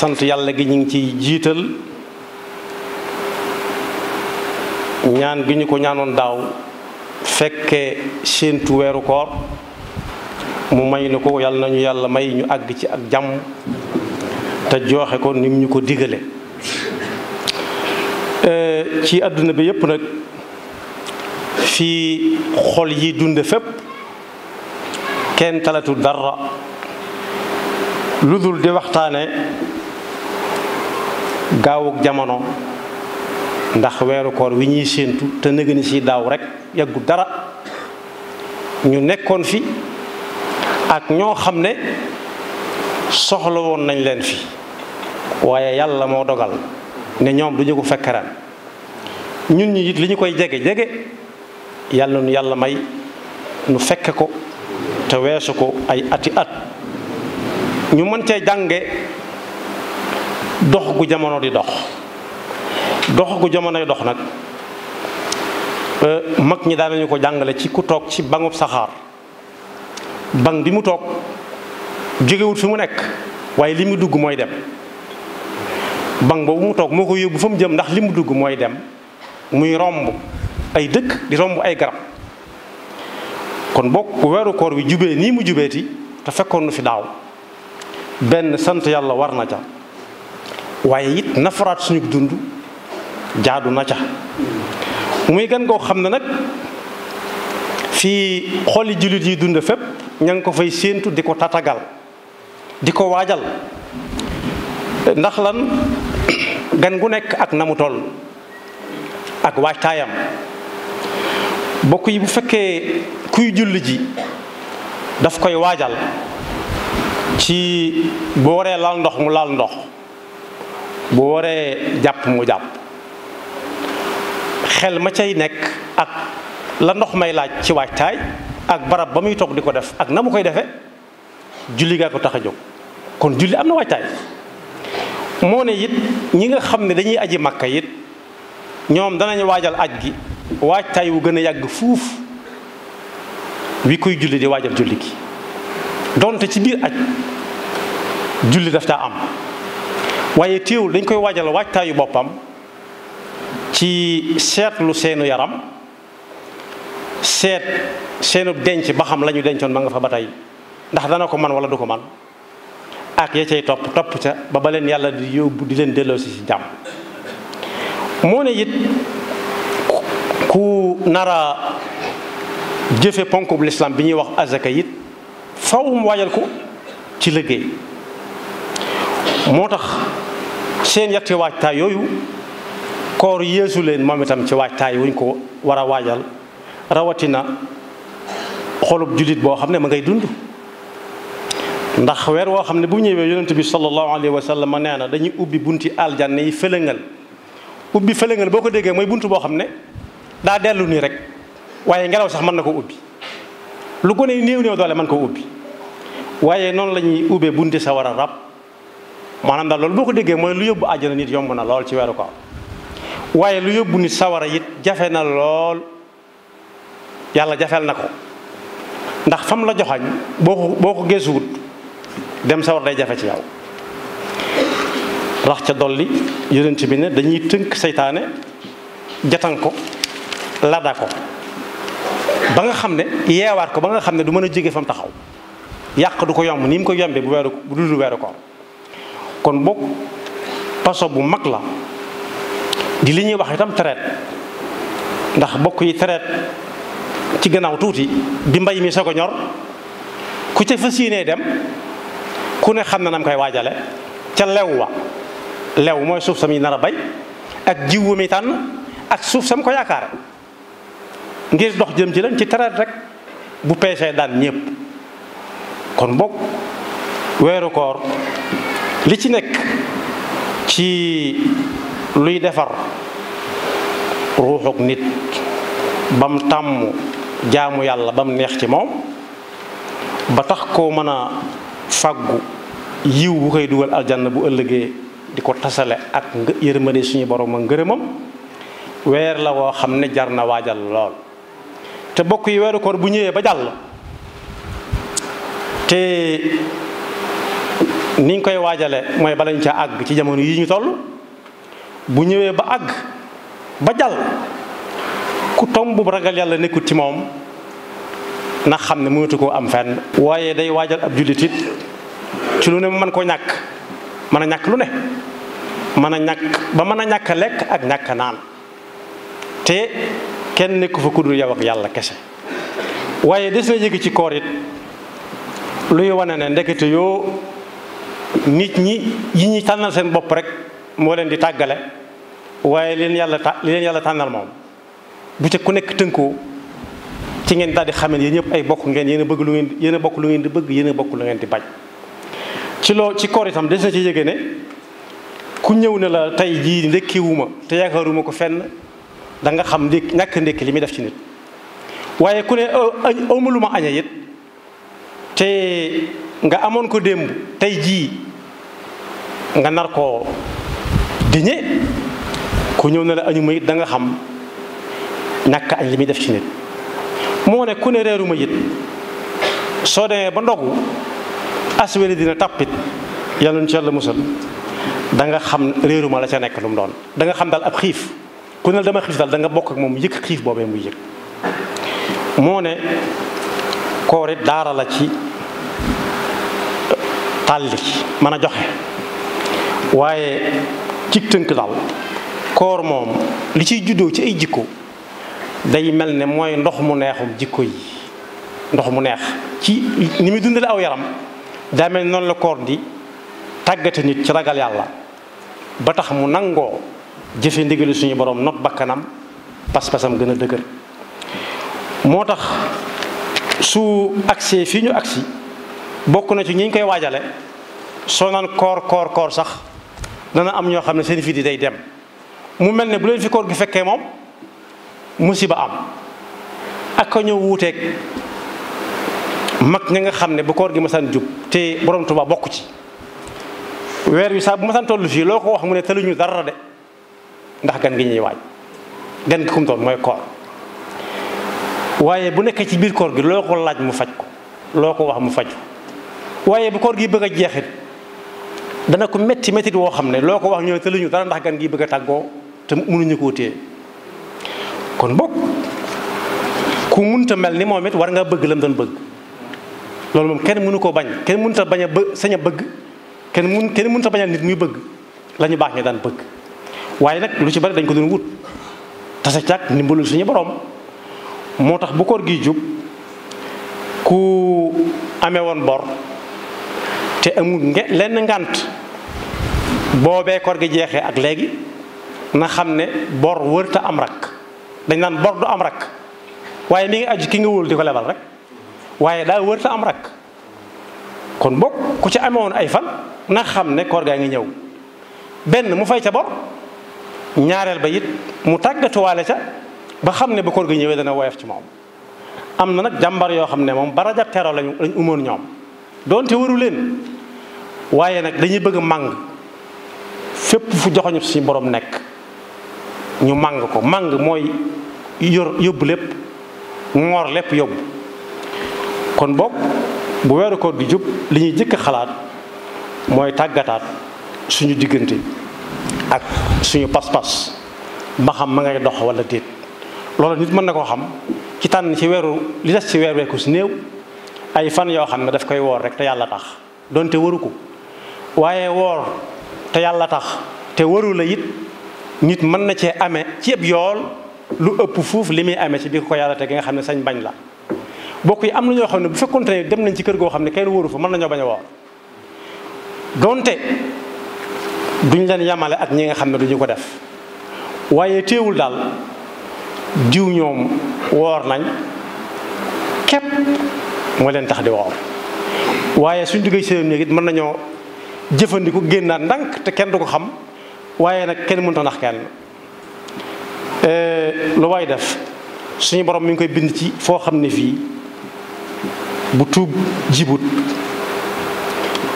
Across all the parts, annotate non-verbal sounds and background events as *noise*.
sant yàlla gi ñu ngi ciy jiital ñaan gi ñu ko ñaanoon daaw fekkee séentu weeru koor mu may nu ko yàlla nañu yàlla may ñu àgg ci ak jàmm te jooxe ko nim ñu ko digale euh, ci àdduna bi yépp nag fii xol yi dunde fépp kenn talatu dara lu dul di waxtaane gaawuk jamono ndax weeru koor wi ñuy séentu te nëgëni si daaw rek yàggu dara ñu nekkoon fi ak ñoo xam ne soxlawoon nañ leen fi waaye yàlla moo dogal ne ñoom duñu ko fekk ñun ñu it li ñu koy jege jege yàlla nu yàlla may nu fekke ko te weesu ko ay ati at ñu mën cee jànge dox jamono di dox dox jamonoy dox nag euh, mag ñi daanañu ko jàngale ci ku toog ci bangub saxaar bang bi mu toog jógewut fi mu nekk waaye li mu dugg mooy dem bang boobu mu toog moo ko yóbbu fa mu jëm ndax li mu dugg mooy dem muy romb ay dëkk di romb ay garab kon bokk weeru koor wi jubee nii mu jubeeti te fekkoon nu fi daaw benn sant yàlla war na ca waaye it nafaraat suñu dund jaadu na ca muy gan koo xam ne nag fii xoli jullit yi dund fépp ña ngi ko fay séentu di ko tatagal di ko waajal ndax lan *coughs* gan gu nekk ak namu mu ak waajtaayam bokk yi bu fekkee kuy julli ji daf koy waajal ci boo waree laal ndox mu laal ndox boo waree jàpp mu jàpp xel ma cay nekk ak la ndox may laaj ci waajtaay ak barab ba muy toog di ko def ak na mu koy defee julli gaa ko tax a jóg kon julli am na waajtaay moo ne it ñi nga xam ne dañuy aji makka it ñoom danañ waajal aj gi waajtaay wu gën a yàgg fuuf wi kuy julli di waajal julli gi donte ci biir aj julli daf daa am waaye téewul dañ koy waajal waajtaayu boppam ci seetlu seenu yaram seet seenu denc ba xam lañu dencoon ma nga fa ba tey ndax dana ko man walla du ko man ak ya cay topp topp ca ba ba leen yàlla di yóbbu di leen delloo si si jàmm moo ne it ku nara jëfe ponk bu lislaam bi ñuy wax azaka it faw waajal ko ci liggéey moo tax seen yetti waajtaay yooyu koor yeesu leen moom itam ci waajtaay wuñ ko war a waajal rawatina xolub jullit boo xam ne ma ngay dund ndax weer woo xam ne bu ñëwee yonent bi sallallahu alayhi wa sallam nee na dañuy ubbi bunti aljanna yi fëlëngal ubbi fëlëngal boo ko déggee mooy bunt boo xam ne daa dellu nii rek waaye ngelaw sax mën na ko ubbi lu gone néew néew doole mën koo ubbi waaye noonu la ñuy ubbee bunti a rab maanaam daal loolu boo ko déggee mooy lu yóbbu àjjana nit yomb na lool ci weeru koor waaye lu yóbbu nit sawara it jafe na lool yàlla jafeel na ko ndax fam la joxañ boo ko boo ko dem sawar day jafe ci yow rax ca dolli yonent bi ne dañuy tënk seytaane jatan ko lada ko ba nga xam ne yeewaat ko ba nga xam ne du mën a jóge fam taxaw yàq du ko yomb ni mu ko yombee bu weeru bu dul weeru koor kon bokk paso bu mag la di li ñuy wax itam traite ndax bokk yi traite ci gannaaw tuuti bi mbay mi soog a ñor ku ca fas dem ku ne xam na nam koy waajale ca lewwa wa lew mooy suuf sam yi nar a bay ak jiwu mi tànn ak suuf sam ko yaakaare ngir dox jëm ci lañ ci traite rek bu peesee daan ñépp kon bokk weeru koor li ci nekk ci luy defar ruuxuk nit bam tàmm jaamu yàlla bam neex ci moom ba tax koo mën a fàggu yiw bu koy dugal aljanna bu ëllëgee di ko tasale ak yërmande suñu borom a ngërëmam weer la woo xam ne jar na waajal lool te bokk yi weeru koor bu ñëwee ba jàll te niñ koy waajale mooy balañ ca àgg ci jamono yi ñu toll bu ñëwee ba àgg ba jàll ku tomb bu ragal yàlla nekkut ci moom na xam ne mënatu koo am fenn waaye day waajal ab jullit it ci lu ne mu mën koo ñàkk mën a ñàkk lu ne mën a ñàkk ba mën a ñàkka lekk ak ñàkk naan te kenn nekku fa kudul yow yàlla kese waaye des na yëg ci koor it luy wane ne ndekete yoo nit ñi yi ñuy tànnal seen bopp rek moo leen di tàggale waaye leen yàlla ta yàlla tànnal moom bu te ku nekk tënkoo ci ngeen daal di xamee yéen ñëpp ay bokk ngeen yéen a bëgg lu ngeen yéen a bokk lu ngeen di bëgg yéen a bokk lu bañ. ci loo ci koor itam des na ci yëge ne ku ñëw ne la tey jii ndékkiwuma te yaakaaruma ko fenn danga xam ndékk ñàkk ndékki li muy def ci nit waaye ku ne añ lu ma aña it te nga amoon ko démb tey jii. nga nar ko diñe ku ñëw ne la añu ma yit da xam ñàkk añ li muy def ci nit moo ne ku ne reeru yit soo demee ba ndogu asweli dina tàppit yàlla nu ci yàlla musal da xam réeru ma la ca nekk lu mu doon da nga xam dal ab xiif ku ne dama xiif daal da nga bokk ak moom yëg xiif boobee muy yëg moo ne koor it la ci tàlli mën a joxe waaye ci tënk daal koor moom li ciy juddoo ci ay jikko day mel ne mooy ndox mu neexum jikko yi ndox mu neex ci ni muy dundale aw yaram daa mel noonu la koor di tàggate nit ci ragal yàlla ba tax mu nangoo jëfe ndigali suñu borom not bakkanam pas-pasam gën a dëgër moo tax su agsee fii ñu agsi bokk na ci ñi ñu koy waajale soo naan koor koor koor sax dana am ñoo xam ne seen fii di day dem mu mel ne bu leen fi koor gi fekkee moom musiba am ak ñëw wuuteeg mag ñi nga xam ne bu koor gi masaan jub te borom Tuubaa bokk ci weer wi saa bu masan tollu fii loo ko wax mu ne tëluñu dara de ndax gan gi ñuy waaj gan gi kum mooy koor waaye bu nekkee ci biir koor gi loo ko laaj mu faj ko loo ko wax mu faj waaye bu koor gi bëgg a jeexit dana ko métti métti woo xam ne loo ko wax ñoo te luñu dara ndax gan gi bëgg a tàggoo te mënuñu koo téye kon bokk ku munta mel ni moom it war nga bëgg lam doon bëgg loolu moom kenn mënu koo bañ kenn mënut a bañ a bë sañ bëgg kenn mun kenn mënut a bañal nit muy bëgg la baax ñi daan bëgg waaye nag lu ci bari dañ ko doon wut tase càkk ndimbalul suñu borom moo tax bu koor gi jub ku amee woon bor te amul lenn ngànt boobee koor gi jeexee ak léegi na xam ne bor wërta am rak dañ naan bor du am rak waaye mi ngi aju ki nga wóolu di ko lebal rek waaye daa wërta am rak kon bokk ku ci amewoon ay fan na xam ne koor gaa ngi ñëw benn mu fay ca bor ñaareel ba it mu tàggatuwaale ca ba xam ne ba koor gi ñëwee dana woyof ci moom am na nag jàmbar yoo xam ne moom ba rajab teroo lañ umoon ñoom doonte waru waaye nag dañuy bëgg màng fépp fu joxoñu suñu borom nekk ñu màng ko màng mooy yor yóbbu lépp ngoor lépp yóbbu kon boog bu weeru koor di jub li ñuy jëkk xalaat mooy tàggataat suñu diggante ak suñu pas-pas ba xam ma ngay dox walla déet loolu nit mën na koo xam ci tànn ci weeru li des ci weer weeku si néew ay fan yoo xam ne daf koy woor rek te yàlla tax donte waru ko waaye woor te yàlla tax te waru la it nit mën na cee amee ci ab yool lu ëpp foofu li muy amee ci bi ko yàlla te gi nga xam ne sañ bañ la bokk yi am na ñoo xam ne bu fekkoonte ne dem nañ ci kër goo xam ne kenn waru fa mën nañoo bañ a woor donte duñ leen yamale ak ñi nga xam ne duñu ko def waaye téewul daal diw ñoom woor nañ képp moo leen tax di woor waaye suñ duggee seen néeg mën nañoo jëfandiku génnaat ndànk te kenn du ko xam waaye nag kenn mënut a nax kenn euh, lu waay def suñu borom mi ngi koy bind ci foo xam ne fii bu tuub jibut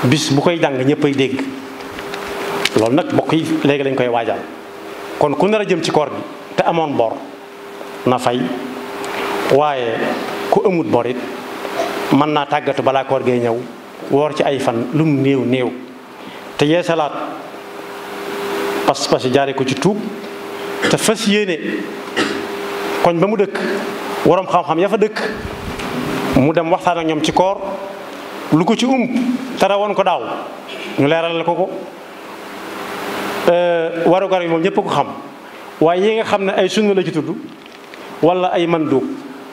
bis bu koy jàng ñëpp ay dégg loolu nag mbokk yi léegi lañ koy waajal kon ku nar a jëm ci koor bi te amoon bor na fay waaye ku amut borit mën naa tàggatu balaa koor gee ñëw woor ci ay fan lum néew néew te yeesalaat pas-pas jaare ko ci tuub te fas yéene koñ ba mu dëkk waroom xam-xam ya fa dëkk mu dem waxtaan ak ñoom ci koor lu ko ci umb tara woon ko daaw ñu leeralal ko ko euh, warugar yi moom ñëpp ko xam waaye yi nga xam ne ay sunna la ci tudd wala ay mandóob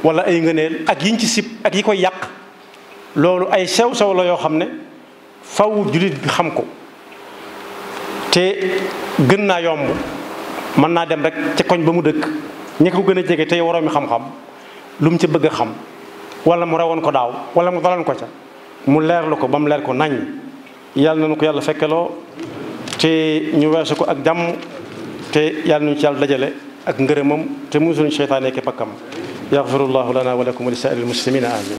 wala ay ngëneel ak yiñ ci sib ak yi koy yàq loolu ay sew sew la yoo xam ne faw jullit bi xam ko te gën naa yomb mën naa dem rek ca koñ ba mu dëkk ñi ko gën a jege tey waroomi xam-xam lu mu ci bëgg xam wala mu rawoon ko daaw wala mu daloon ko ca mu leer leerlu ko ba mu leer ko nañ yàlla nañu ko yàlla fekkeloo te ñu weesu ko ak jàmm te yàlla nañu ci yàlla dajale ak ngërëmam te musuñu seytaane ki pakkam yaxfirullahu lana wa lakum wa li saa'iril muslimina amin